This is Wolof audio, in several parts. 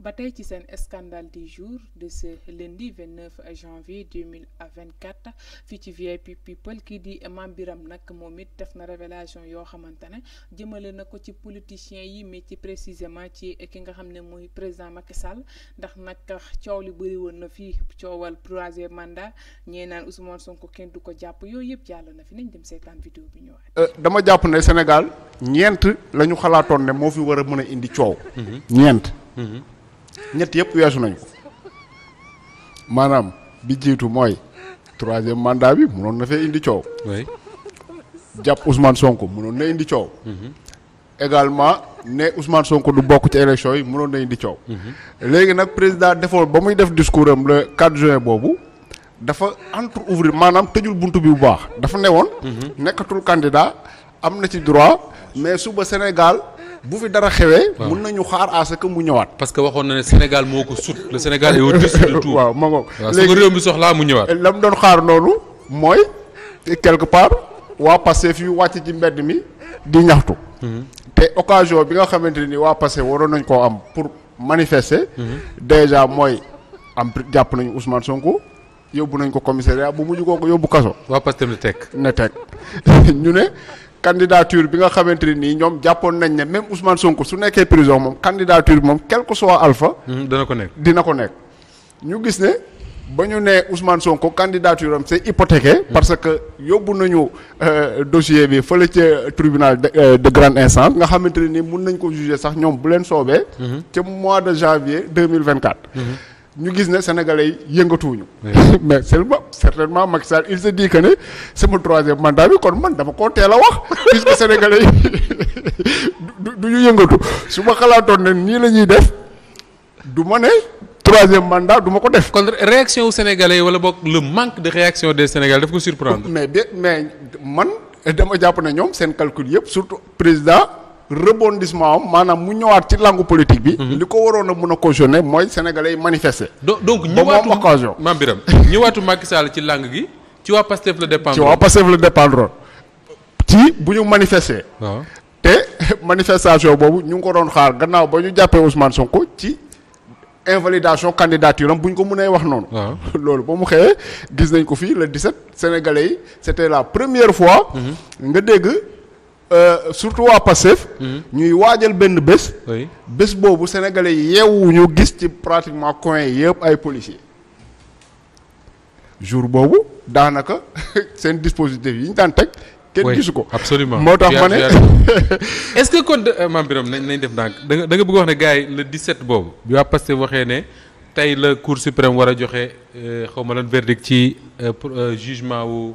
ba tey ci seen scandale du jour de ce lundi 29 janvier 2024 fii ci vie People kii di Mame Birame nag moom it def na révélation yoo xamante ne jëmale na ko ci politiciens yi mais ci précisément ci ki nga xam ne mooy président Macky Sall ndax nag coow li bëri woon na fii coowal troisième mandat ñee naan Ousmane Sonko kenn du ko jàpp yooyu yëpp yàlla na fi nañ dem seetaan vidéo bi ñëwaat. Euh, dama jàpp ne Sénégal. ñeent lañu xalaatoon ne moo fi war a mën a indi coow. ñeent. ñett yëpp weesu nañu maanaam bi jiitu mooy troisième mandat bi munoon na fee indi coow. jàpp Ousmane Sonko mënoon na indi coow. également ne Ousmane Sonko du bokk ci élection yi mënoon na indi coow. léegi nag président defoon ba muy def discours am le 4 juin boobu. dafa entre ouvrir maanaam tëjul bunt bi bu baax dafa ne woon mhm. nekkatul candidat am na ci droit mais suba Sénégal bu fi dara xewee. mun nañu xaar à ce mu ñëwaat. parce que waxoon na ne Sénégal moo ko sut le Sénégal est au-dessus de tout. waaw ma ngoog léegi su mu ñëwaat. la mu doon xaar noonu mooy quelque part waa Pastef yu wàcc ci mbedd mi di ñaxtu. Mhm. te occasion bi nga xamante ni waa Pastef waroon nañ koo am pour manifester. Mhm. déjà mooy am jàpp nañu Ousmane Sonko. yóbbu nañ ko commissariat bu mujj kooku yóbbu kaso. waa Pastef na teg na teg ñu ne candidature bi nga xamante ne nii ñoom jàppoon nañ ne même Ousmane Sonko su nekkee prison moom candidature moom quel que soit alpha. Mhm, dina ko nekk dina ko nekk. ñu gis ne ba ñu nee Ousmane Sonko candidature am c'est hypothéqué. Mhm. parce que yóbbu nañu euh, dossier bi fële ca euh, tribunal euh, de grande instance. nga xamante ne nii mun nañ ko juger sax ñoom bu leen soobee. Mhm. ca mois de janvier deux mille vingt quatre. ñu gis ne sénégalais yëngatuñu mais seulement certainement Macky Sall il se dit que ne sama troisième mandat bi kon man dama koo teel a wax puisque sénégalais yi du ñu yëngatu su ma xalaatoon ne nii la ñuy def du ma ne troisième mandat du ma ko def. kon réaction wu sénégalais yi wala boog le manque de réaction des sénégalais daf ko surprendre. mais mais man dama jàpp ne ñoom seen calcul yëpp surtout président. rebondissement manam mu ñëwaat ci langue politique bi. Mhm. li ko waroon a mun moy sénégalais manifesté manifester. donc ñëwaatu ba occasion. maam Biram ñëwaatu Macky Sall ci langue gi ci wa Pastef le dépendre. ci waa Pastef la dépendre ci bu ñu manifester. waaw ah. te manifestation bobu ñu ko doon xaar gannaaw ba ñu jàppee Ousmane Sonko ci. invalidation candidature am bu ko mëne wax non ah. lolu ba mu xé gis nañ ko fi le 17 sénégalais c'était la première fois. Mhm. nga dégg. Euh, surtout à Pastef mhm. ñuy wajal benn bés. bés bobu sénégalais yi ñu gis ci pratiquement coin yépp ay policiers jour bobu danaka sen dispositif yi ñu daan teg. kenn gisu ko absolument moo tax est-ce que kon euh, mam Birame nañ def dank da nga bëgg wax né gaay le 17 bobu bi wa Pastef waxé né tay le cour suprême wara joxé euh, xawma lan verdict ci jugement wu.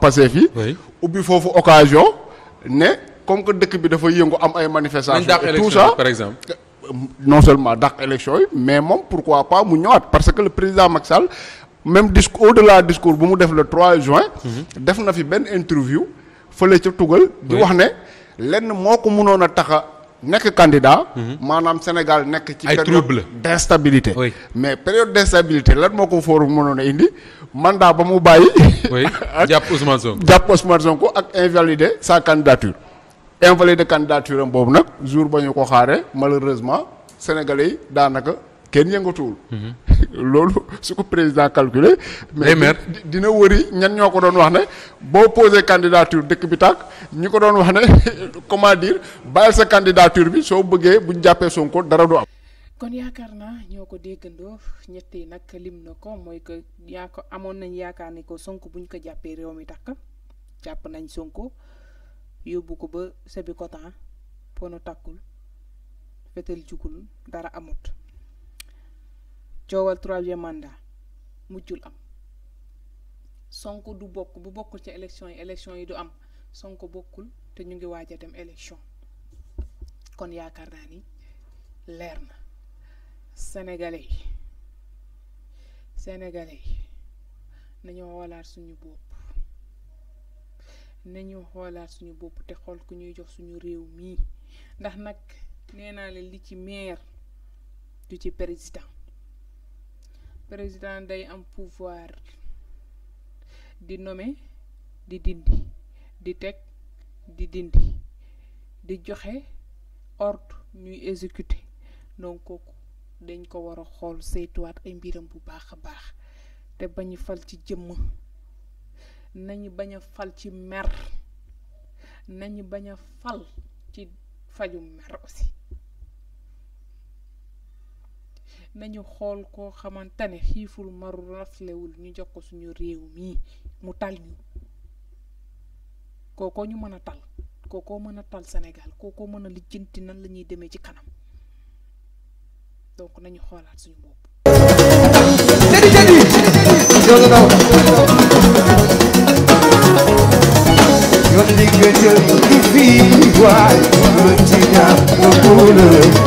passer vie ou bien occasion ne comme que dëkk bi dafa y am ay tout ça par exemple euh, non seulement d'acc élection mais même pourquoi pas mu parce que le président Maxal, même au-delà discours le 3 juin mhm. def na fi interview fële ca tugal ne nek candidat. manam mhm. Sénégal n'est ci. trouble période d'instabilité. mais période d'instabilité lan moko forum on indi mandat ba mu diapos oui Ousmane Sonko Ousmane Sonko ak invalider sa candidature. invalider candidature am nak jour bañu ko xaré malheureusement sénégalais danaka ken loolu su ko président calculé. mais dina wëri ñan ñoo ko doon wax ne boo posé candidature dëkk bi tàkk ñi ko doon wax ne comment dire bàyyil sa candidature bi soo bëggee buñ jàppee Sonko dara du am. kon yaakaar naa ñoo ko déggandoo ñetti yi nag lim na ko mooy que yaa ko amoon nañ yaakaar ni ko Sonko buñ ko jàppee réew mi tàkk jàpp nañ Sonko yóbbu ko ba Sébikotane pono takkul fetel jugul dara amut. coowal troisième mandat mujjul am sonk du bokk bu bokkul ci élection yi élection yi du am sonk bokkul te ñu ngi waaj a dem élection kon yaakaar naa ni leer na sénégalais yi sénégalais yi nañoo xoolaat suñu bopp nañu xoolaat suñu bopp te xool ku ñuy jox suñu réew mii ndax nag nee naa leen li ci maire du ci président président day am pouvoir di nommer di dindi di tek di dindi di joxe ordre ñuy exécuter donc koku dañ ko wara xol xool ay mbiram bu baax baax te bañu fal ci jëm nañu baña fal ci mer nañu baña fal ci fajum mer aussi nañu xool koo xamante ne xiiful maru raflewul ñu jox ko suñu réew mii mu tal ñu kookoo ñu mën a tal kookoo mën a tal Sénégal kookoo mën a lijjanti nan la ñuy demee ci kanam donc nañu xoolaat suñu bopp. Yo ligue de vie, voile, le tigre,